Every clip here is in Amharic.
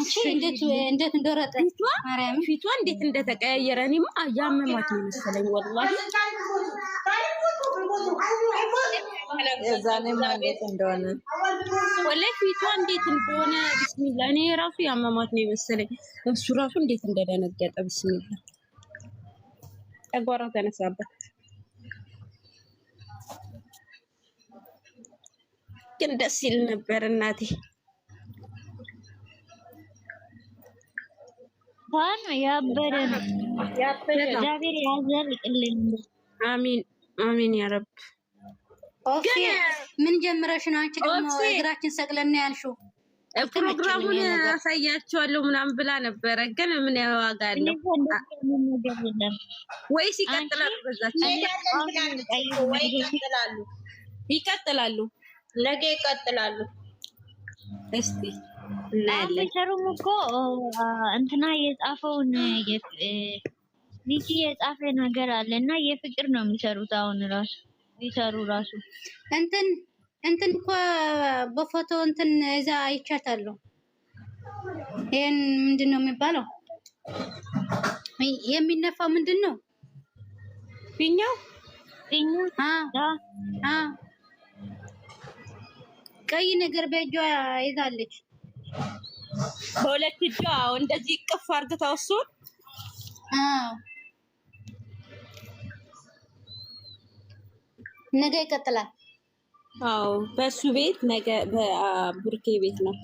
አንቺ እንዴት እንዴት እንደረጠ ማርያም ፊቷ እንዴት እንደተቀያየረ እኔማ ያመማት ነው መሰለኝ። ወላሂ ወላሂ ፊቷ እንዴት እንደሆነ ብስሚላ፣ እኔ ራሱ ያመማት ነው መሰለኝ። እሱ ራሱ እንዴት እንደደነገጠ ብስሚላ፣ ጨጓራ ተነሳበት። ግን ደስ ይል ነበር እናቴ ባን ያበደ ነው ያበደ እግዚአብሔር ያዘልቅልኝ። አሚን አሚን ያ ምን ጀምረሽ ነው አንቺ? ደግሞ እግራችን ሰቅለን ያልሽው ፕሮግራሙን አሳያቸዋለሁ ምናምን ብላ ነበረ፣ ግን ምን ዋጋ አለው ወይስ ይቀጥላሉ? ይቀጥላሉ፣ ነገ ይቀጥላሉ። እስቲ እናያለን። እኮ እንትና የጻፈውን የጻፈ ነገር አለ እና የፍቅር ነው የሚሰሩት። አሁን ራሱ ራሱ እንትን እንትን እኮ በፎቶ እንትን እዛ አይቻታለሁ። ይሄን ምንድን ነው የሚባለው? የሚነፋው ምንድን ነው? ፊኛው ቀይ ነገር በእጇ ይዛለች። በሁለት እጇ እንደዚህ ቅፍ አርግታው እሱን ነገ ይቀጥላል። አዎ በእሱ ቤት ነገ በቡርኬ ቤት ነው።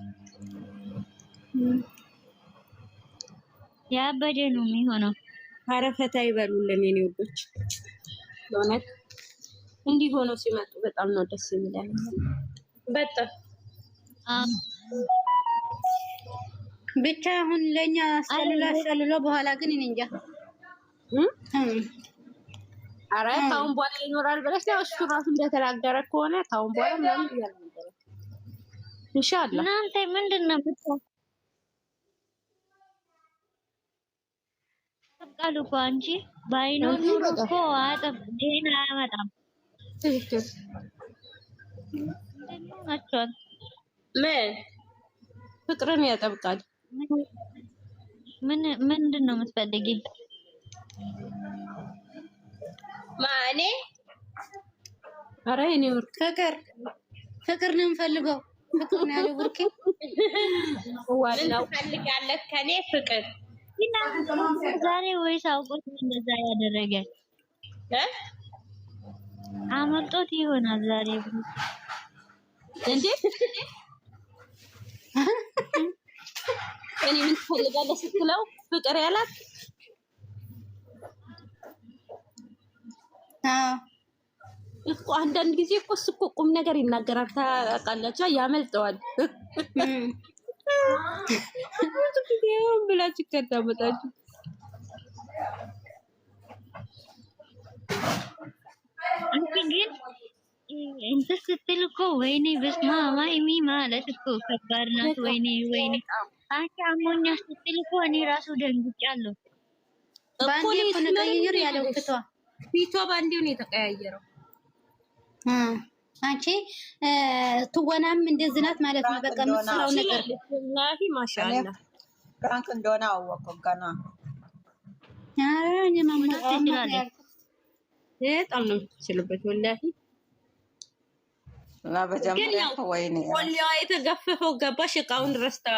ያበደ ነው የሚሆነው። አረፈታ ይበሉልን የኔ ወዶች፣ በእውነት እንዲህ ሆኖ ሲመጡ በጣም ነው ደስ የሚለኝ በጣም ብቻ አሁን ለኛ አሻልሎ አሻልሎ በኋላ ግን እኔ እንጃ። አረ ታውን በኋላ ይኖራል ብለሽ ያው እሱ ራሱ እንደተናገረ ከሆነ ታውን በኋላ ምንም እያለ ኢንሻአላህ እናንተ ምንድን ነው ብቻ ቃሉ እኮ እንጂ ባይኖር ኑሮ እኮ አጠብ ዜና አያመጣም። ትክክል ናቸዋል። ምን ፍቅርን ያጠብቃል። ምንድን ነው የምትፈልጊ? ማኔ አረ እኔ ወርቅ ፍቅር ፍቅር ነው የምፈልገው። ፍቅር ነው ያለው ወርቄ። ዋናው ፈልጋለህ ከኔ ፍቅር ዛሬ ወይስ አውቆት እንደዛ ያደረገ እ አመልጦት ይሆናል ዛሬ ብሎ እንዴ እኔ ምን ትፈልጋለህ ስትለው ፍቅር ያላት እኮ አንዳንድ ጊዜ እኮ እሱ እኮ ቁም ነገር ይናገራል። ታውቃላችሁ፣ ያመልጠዋል። ይሄው ብላችሁ ከዳመጣችሁ አንቺ ግን እንትን ስትል እኮ ወይኔ በስመ አብ ሃይሚ ማለት እኮ ከባድ ናት። ወይኔ ወይኔ አንቺ አሞኛ ስትል እኮ እኔ ራሱ ደንግጫለሁ። ባንዴ እኮ ቀይር ያለው ፊቷ ፊቷ ባንዴ ነው የተቀያየረው። አንቺ ትወናም እንደዚህ ናት ማለት ነው። በቃ የምትሰራው ነገር ወላሂ ማሻአላ ፍራንክ እንደሆነ አወቅኩ ገና። ኧረ እኔ ማማት ይችላል። በጣም ነው የምትችልበት ወላሂ እና በጀመሪያ ወይኔ የተገፈፈው ገባሽ፣ እቃውን ረስታ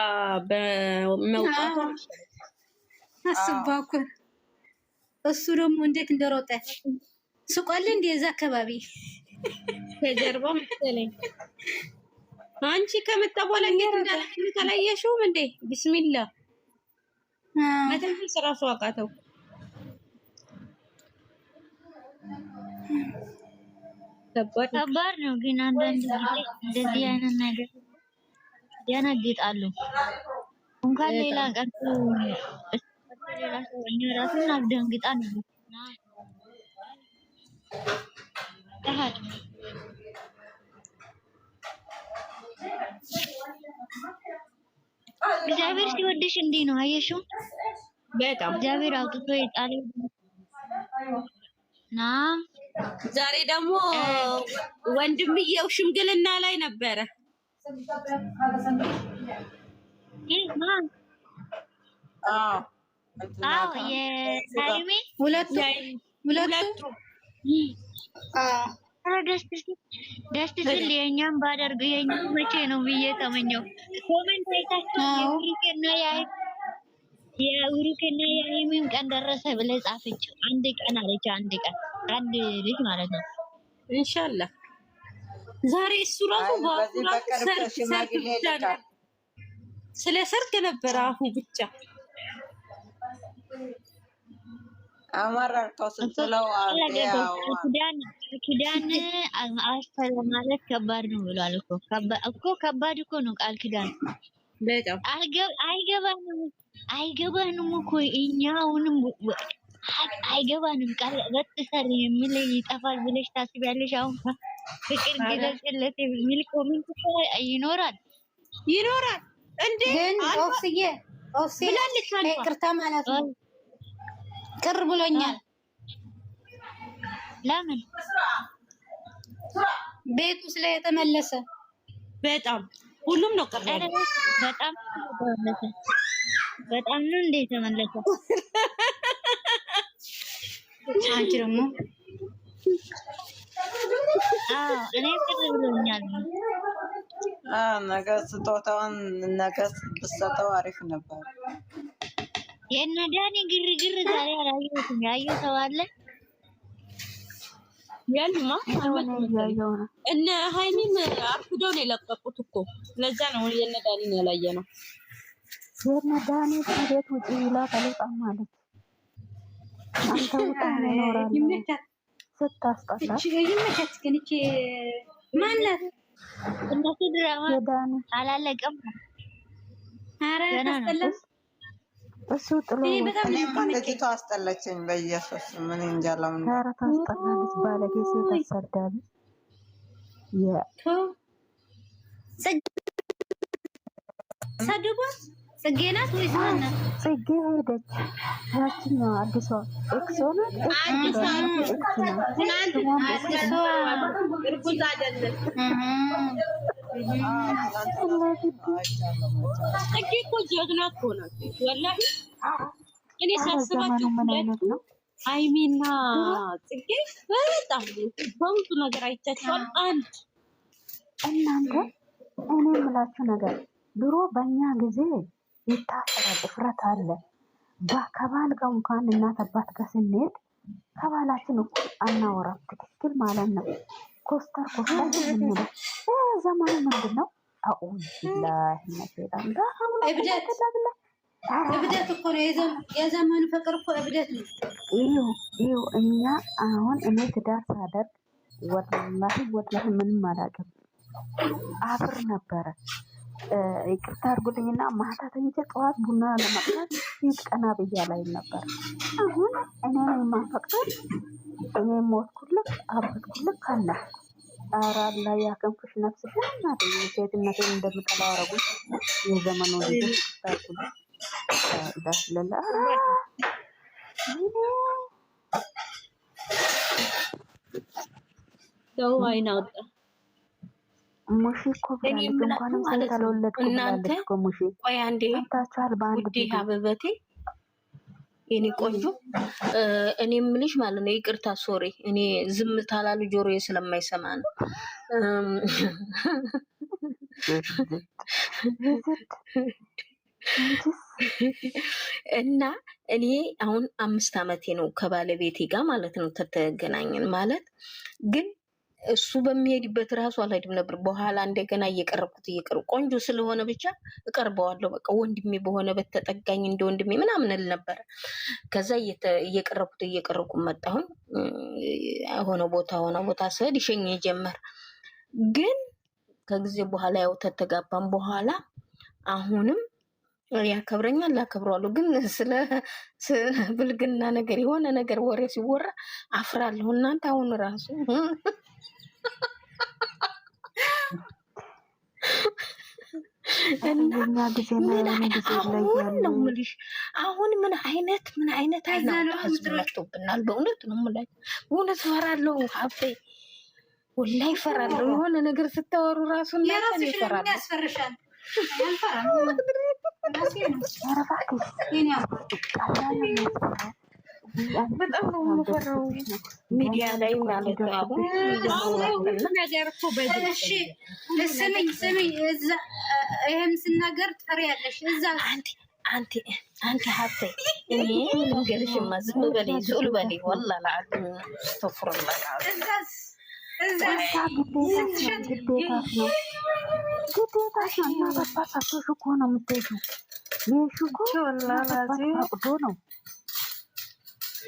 በመውጣቱ አስባኩ። እሱ ደግሞ እንዴት እንደሮጠ ስቆል እንደ እዛ አካባቢ ከጀርባ መሰለኝ። አንቺ ከመጣ በኋላ እንዴት እንዳለ ተለየሽውም እንዴ? ቢስሚላ መተንፈስ ራሱ አቃተው። ከባድ ነው ግን አንዳንድ ጊዜ እንደዚህ አይነት ነገር ያነግጣሉ። እንኳን ሌላ ቀርቶ እኔ ራሱ አስደንግጣል። እግዚአብሔር ሲወድሽ እንዲህ ነው። አየሽው? በጣም እግዚአብሔር አውጥቶ የጣለው ና ዛሬ ደግሞ ወንድምየው ሽምግልና ላይ ነበረ። ደስ ሲል የኛም ባደርግ የኛ መቼ ነው ብዬ ተመኘው። ኮሜንት አይታችሁ የብሩክና ቀን ደረሰ ብለ ጻፈችው። አንድ ቀን አለችው፣ አንድ ቀን አንድ ልጅ ማለት ነው። ኢንሻአላህ ዛሬ እሱ ራሱ ሰርግ ብቻ ስለ ሰርግ ነበር። አፉ ብቻ አማራር ተስለው ማለት ከባድ ነው ብሏል እኮ እኮ ከባድ እኮ ነው ቃል አይገባንም አይገባንም እኮ እኛ አሁንም አይገባንም። ቃል በትሰሪ የሚል ይጠፋል ብለሽ ታስቢያለሽ? አሁን ፍቅር ግለጽለት የሚል ኮሜንት ይኖራል ይኖራል። እንዴ ግን ኦፍስዬ ኦፍስዬ ይቅርታ ማለት ነው ቅር ብሎኛል። ለምን ቤቱ ስለተመለሰ በጣም ሁሉም ነው ቀረ። በጣም በጣም ነው እንዴ የተመለሰ አንቺ ደግሞ እኔ ቅር ብሎኛል። ነገር ስጦታውን ነገር ብሰጠው አሪፍ ነበር። የእነ ዳኒ ግርግር ዛሬ አላየሁትም። ያየው ሰው ያሉማ እነ ሀይሚም አርፍደው ነው የለቀቁት እኮ ለዛ ነው የእነ ዳኒን ያላየ ነው። የእነ ዳኒ ቤት ውጭ ይላ ተለጣም ማለት ስታስጠላይመቻት ግን እቺ ማናት? እነሱ ድራማ ሰድቧት ጽጌ ናት ወይስ ማናት? ጽጌ ሄደች። ያችኛዋ አዲሷ ኤክሶ ናት። እርጉዝ አይደለም። ጽጌ እኮ ጀግና እኮ ናት። ወላሂ እኔ ሳስባቸው ምን አይነት ነው ሀይሚና ጽጌ በጣም በብዙ ነገር አይቻቸዋል። አንድ እናንተ እኔ የምላችሁ ነገር ድሮ በእኛ ጊዜ ይታሰራል፣ እፍረት አለ። ከባል ጋር እንኳን እናት አባት ጋር ስንሄድ ከባላችን እኩል አናወራም። ትክክል ማለት ነው። ኮስተር ኮስተር ምንለ ዘመኑ ምንድን ነው? እብደት እኮ ነው የዘመኑ ፍቅር እኮ እብደት ነው። እኛ አሁን እኔ ትዳር ሳደርግ ወላሂ ወላሂ ምንም አላውቅም አብር ነበረ ይቅርታ አድርጉልኝና ማታ ተኝቼ ጠዋት ቡና ለማቅዳት ፊት ቀና ብያ ላይ ነበር። አሁን እኔ የማፈቅዳት እኔ ሞትኩልክ፣ አበትኩልክ ካላ አራላ ያከንኩሽ ነፍስሽን እናት ሴትነት እንደምጠላ አረጉ የዘመኑ ልጆች ዳስለላ ሰው አይናውጣ ሙሽ እኮ ብላለች። እንኳንም ሴት አልወለድኩም ብላለች እኮ ሙሽ። ቆይ አንዴ ታችኋል። በአንድ ጊዜ አበበቴ የኔ ቆንጆ፣ እኔ የምልሽ ማለት ነው። ይቅርታ ሶሪ፣ እኔ ዝም ታላሉ ጆሮ ስለማይሰማ ነው። እና እኔ አሁን አምስት አመቴ ነው ከባለቤቴ ጋር ማለት ነው ተተገናኘን ማለት ግን እሱ በሚሄድበት ራሱ አልሄድም ነበር። በኋላ እንደገና እየቀረብኩት እየቀረብ ቆንጆ ስለሆነ ብቻ እቀርበዋለሁ። በቃ ወንድሜ በሆነ በተጠጋኝ እንደ ወንድሜ ምናምን እል ነበረ። ከዛ እየቀረብኩት እየቀረብኩ መጣሁን። ሆነ ቦታ ሆነ ቦታ ስሄድ ይሸኝ ጀመር። ግን ከጊዜ በኋላ ያው ተተጋባም በኋላ አሁንም ያከብረኛል ላከብረዋለሁ። ግን ስለ ብልግና ነገር የሆነ ነገር ወሬ ሲወራ አፍራለሁ። እናንተ አሁን ራሱ አሁን ነው የምልሽ። አሁን ምን አይነት ምን አይነት አይናቶብናል? በእውነት ነው የምላቸው። እውነት እፈራለሁ ሀብቴ፣ ወላሂ እፈራለሁ። የሆነ ነገር ስታወሩ ራሱ እናንተን በጣም ነው የምፈራው ሚዲያ ላይ ማለት ነገር እኮ ስሚኝ ስሚኝ፣ ይህም ስናገር ጥሪ ያለሽ እዛ አንቲ አንቲ ሀብቴ እኔ ልንገርሽማ፣ ዝም በሌ ሱል በሌ ወላ ለአሉ ስተፍርላ ግዴታሽ እና በባሳቶሽ ነው የምትሄጂው። ይህ እኮ ነው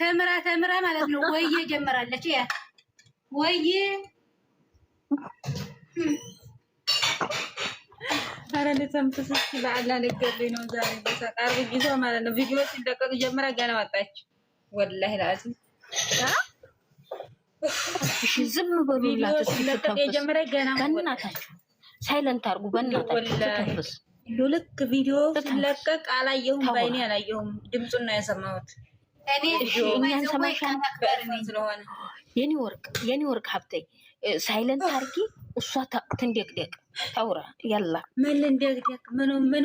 ተምራ ተምራ ማለት ነው። ወይዬ ጀመራለች። ያ ወይዬ አረ ለተምተስ ለአላ ነገር ነው ዛሬ በሳቃር ጊዜ ማለት ነው። ቪዲዮ ሲለቀቅ ጀምራ ገና መጣች። ወላሂ ለአዚም ዝም በሉላት። ሲለቀቅ የጀመረ ገና በእናታችሁ ሳይለንት አርጉ። በእናታችሁ ተተፍስ ልክ ቪዲዮ ሲለቀቅ አላየሁም፣ ባይኔ አላየሁም። ድምፁን ነው ያሰማሁት። የኔ ወርቅ የኔ ወርቅ ሀብቴ ሳይለንት አርጊ። እሷ ትንደቅደቅ ታውራ ያላ ምን ልንደቅደቅ ምን ምን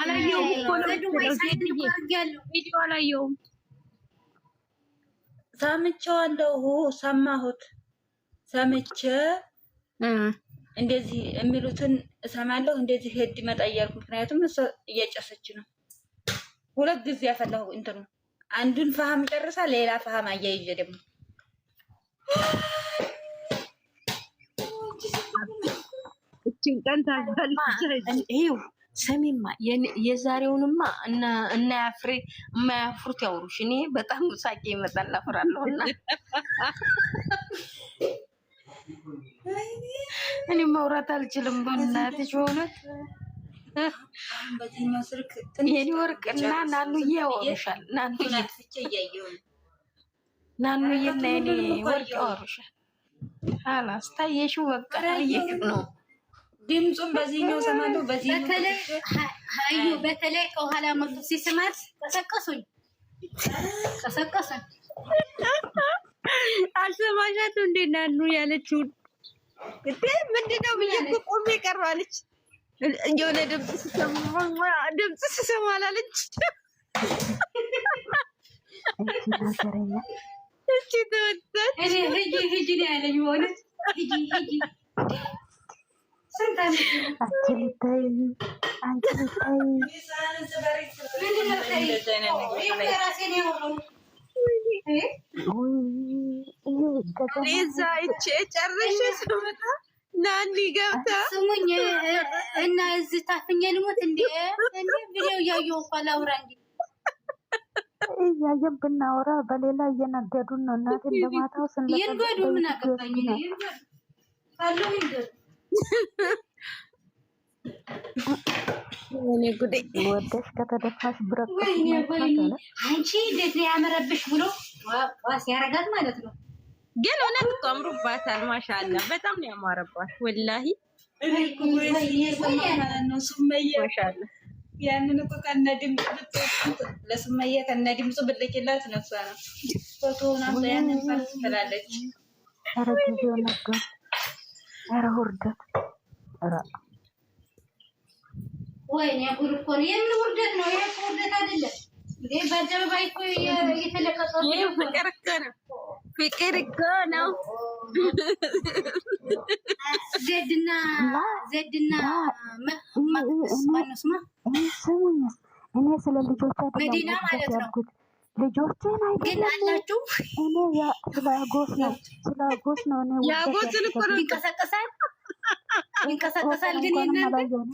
አላየሁም ሰምቼዋለሁ ሰማሁት ሰምቼ እንደዚህ የሚሉትን እሰማለሁ። እንደዚህ ሄድ መጣ እያልኩ ምክንያቱም እሷ እያጨሰች ነው። ሁለት ጊዜ ያፈላሁ እንትኑ አንዱን ፈሀም ጨርሳ ሌላ ፈሀም አያይዤ ደግሞ እቺን ቀን ሰሚማ የዛሬውንማ እና ያፍሬ የማያፍሩት ያውሩሽ። እኔ በጣም ሳቄ ይመጣል አፍራለሁና እኔ ማውራት አልችልም በእናትሽ በእውነት የኔ ወርቅና ናኑዬ ያወሩሻል። ናኑዬ እና የኔ ወርቅ ያወሩሻል። ሀላስ ታየሽው በቃ ነው። ድምፁም በዚህኛው በተለይ ከኋላ ሲስማት ቀሰቀሱኝ እንዴ ናኑ ያለችውን ምንድነው ብዬ ቆሜ ቀርባለች የሆነ ድምፅ ስሰማ ድምፅ ስሰማ አላለች እቺ ተወጣ። ሂጂ ነው ያለኝ ስመጣ ናኒ ገብታ ስሙኝ እና እዚህ ታፍኜ ልሙት እንዲ እንዴ ቪዲዮ እያየሁ እኮ ላውራ እንዴ? እያየን ብናወራ በሌላ እየነገዱን ነው። እናቴ ለማታው ስንገዱ ይንገዱ፣ ምን አገባኝ ጉዴ! ወደሽ ከተደፋሽ ብረት አንቺ እንዴት ነው ያመረብሽ ብሎ ዋስ ያረጋት ማለት ነው። ግን እውነት እኮ አምሮባታል። ማሻአላ በጣም ነው ያማረባት ወላሂ ያንን እኮ ከነ ድምፅ ለሱመያ ከነ ድምፁ ነው። ፍቅር እኮ ነው። ዜድና ዜድና እኔ ስለ ልጆቻችን ያልኩት ልጆችን አይገናላችሁ። እኔ ስለ አጎት ነው፣ ስለ አጎት ነው። እኔ ያጎትን እኮ ነው። ይንቀሳቀሳል፣ ይንቀሳቀሳል። ግን እኔ አላየሁም።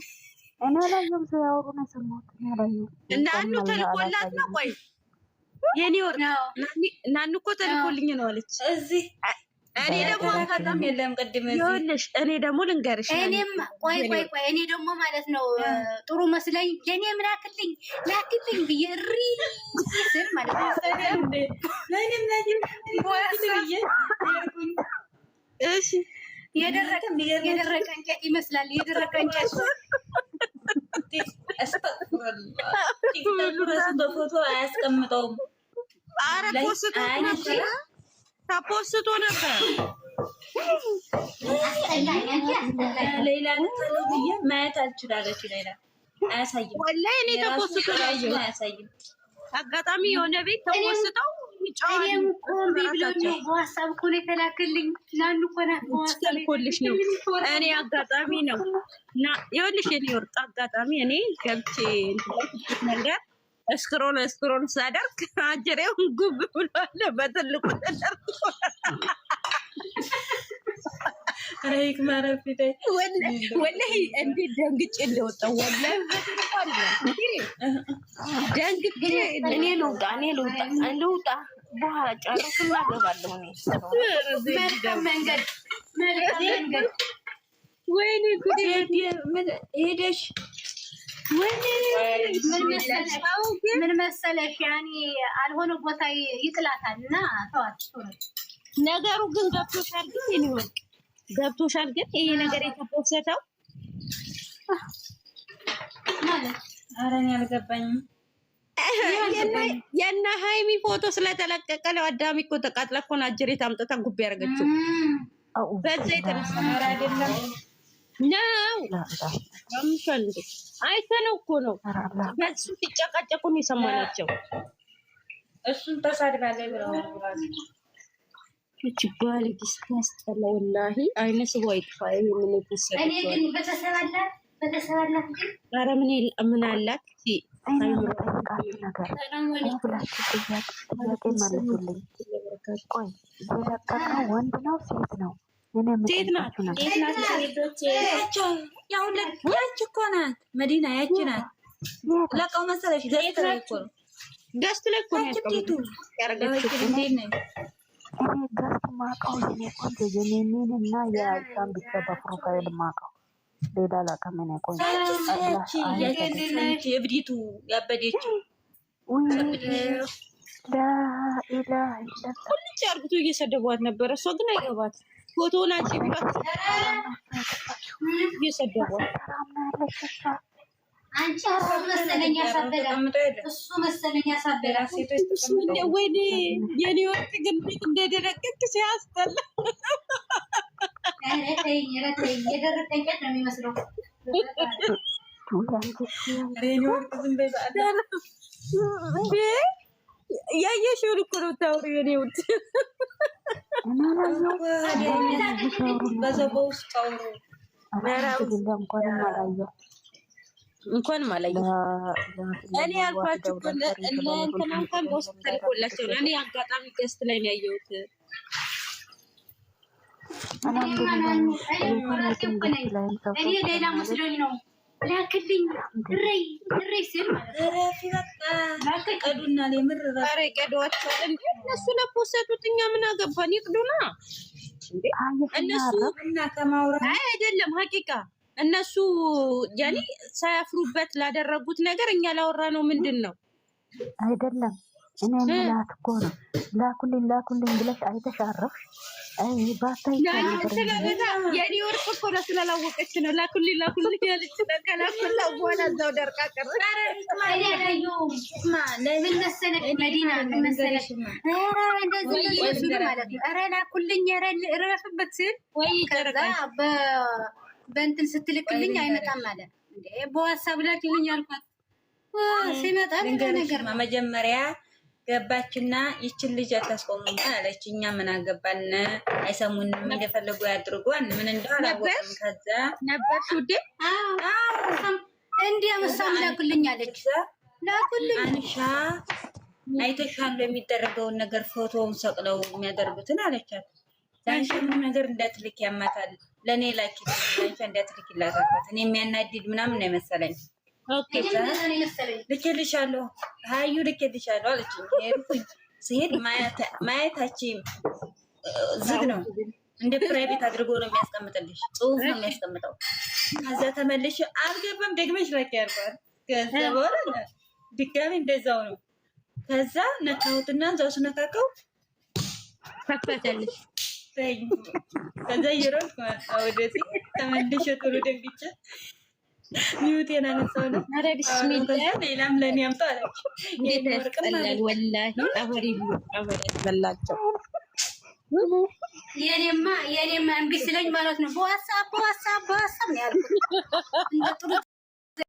ሲያወሩ ነው የሰማሁት። እና አንዱ ተልኮላት ነው። ቆይ የኔ ወርቅ ናን እኮ ተልኮልኝ ነው አለች። እዚህ እኔ ደግሞ አካጣም የለም ቅድም ይኸውልሽ፣ እኔ ደግሞ ልንገርሽ፣ እኔም ቆይ ቆይ ቆይ፣ እኔ ደግሞ ማለት ነው ጥሩ መስለኝ ለእኔም ላክልኝ ላክልኝ ብዬ እሪ ስል ማለት ነው የደረቀ እንጨት ይመስላል የደረቀ እንጨት በፎቶ አያስቀምጠውም። አረ ነበር። ሌላ ማየት አልችላለች። ሌላ አያሳይም። ወላሂ እኔ ተፖስቶ አያሳይም። አጋጣሚ የሆነ ቤት ተፖስተው እኔ አጋጣሚ ነው እና ይኸውልሽ የኒውዮርቅ አጋጣሚ እኔ ገብቼ መንገድ እስክሮል እስክሮል ሳደርግ አጀሬውን ጉብ ብሏል። በትልቁ ተደርጎ ረይክ ማረፊ ወላሂ እንዴት ደንግጬ እንደወጣሁ ወላሂ ደንግጬ እኔ ልውጣ እኔ ልውጣ ልውጣ በኋላ ጨርሱ እና ወይኔ ሄደሽ ምን መሰለሽ፣ ያኔ አልሆነ ቦታ ይጥላታል እና ተዋት። ነገሩ ግን ገብቶሻል፣ ግን ይወቅ ገብቶሻል። ግን ይሄ ነገር የተፖሰተው ማለት ኧረ እኔ የእነ ሀይሚ ፎቶ ስለተለቀቀ ለአዳሚ እኮ ተቃጥላ እኮ ናጀሬት አምጥታ ጉቢ ያደረገችው በዛ የተነሳ አይደለም ነው አይተነው እኮ ነው። በሱ ሲጨቃጨቁ ነው የሰማናቸው። እሱን ተሳድባለች ብለው ይች ባለጌ ወላሂ አይነ ስቡ አይጥፋ። ምን ኧረ ምን አላት የምጠይቃችሁ ነገር ብላችሁ ጥያቄ ጥያቄ መልሱልኝ። ቆይ የለቀቀው ወንድ ነው ሴት ነው? እኔ ያች እኮ ናት መዲና፣ ያች ናት ለቀው መሰለሽ ገስት ላይ እኮ ነው ገስት ላይ እኮ ነው ያቺ ያረገችው እኔ ገስት ማውቀው የኔ ቆንጆ የሚኒን እና የአይሻን ብቻ በፕሮፋይል ማውቀው ሌላ ላቀመን ያቆንእብዲቱ ያበደችው ሁልጭ አርግቶ እየሰደቧት ነበረ። እሷ ግን አይገባት ፎቶውን አንጭ ቢሏት እየሰደቧት አንቺ መሰለኝ ያሳበዳ እሱ መሰለኝ ያሳበዳ ወይኔ የኔ ወርቅ ግን እንደደረቀች ሲያስጠላ ረተኝ ረተኝ የደረቀኝ ቀን ነው የሚመስለው። ያየሽውን እኮ ነው የምታወሪው የኔ ውድ በሰው በውስጥ አውሩ እንኳንም አላየሁም እንኳንም አላየሁም። እኔ ያልኳችሁ እነ እንትና እንኳን በውስጥ ተልኮላቸው እኔ አጋጣሚ ገስት ላይ ነው ያየሁት። እኔ ሌላ መስሎኝ ነው እነሱ ለፖሰቱት እኛ ምን አገባን? ይቅዱና እነሱ አይደለም ሀቂቃ እነሱ ያኔ ሳያፍሩበት ላደረጉት ነገር እኛ ላወራ ነው ምንድን ነው አይደለም። እኔ ምላት እኮ ነው ላኩልኝ ላኩልኝ ብለሽ አይተሽ አረፍሽ። ባታይ የኔ ወርቅ እኮ ነው ስላላወቀች ነው ላኩልኝ ላኩልኝ ያለች ከላኩላ በኋላ እዛው ደርቃ ቀረች። ላኩልኝ ኧረ እረፍበት ስል ወይ ከዛ በእንትን ስትልክልኝ አይመጣም አለ። በዋሳብ በዋትሳብ ላኪልኝ አልኳት። ሲመጣ ነገር መጀመሪያ ገባችና ይችን ልጅ አታስቆሙም አለች። እኛ ምን አገባን? አይሰሙንም፣ እንደፈለጉ ያድርጉ። ምን እንደው ከዛ ነበር ሱዴ እንዲህ አመሳም ላኩልኝ አለች። ላኩልኝ አንሻ አይተሻሉ የሚደረገውን ነገር ፎቶውን ሰቅለው የሚያደርጉትን አለቻት። ዛንሽ ነገር እንዳትልክ ያማታል ለእኔ ላኪ እንዳትልኪላታበት እኔ የሚያናድድ ምናምን የመሰለኝ ልኬልሻለሁ፣ ሀዩ ልኬልሻለሁ አለች። ሄድኩኝ። ስሄድ ማየታችም ዝግ ነው፣ እንደ ፕራይቬት አድርጎ ነው የሚያስቀምጥልሽ፣ ጽሁፍ ነው የሚያስቀምጠው። ከዛ ተመልሽ አልገባም፣ ደግመሽ ላኪ ያልኳል። ከዛ በኋላ ድጋሚ እንደዛው ነው። ከዛ ነካሁትና እዛው ስነካከው ከፈተልሽ ከዛ እየሮጥኩ መጣሁ ወደዚህ ተመልሼ ቶሎ ደግቼ ሚዩቴን አነሳሁና ነው ሌላም ለእኔ አምጣ አለች። የኔማ የኔማ ማለት ነው ነው ያልኩት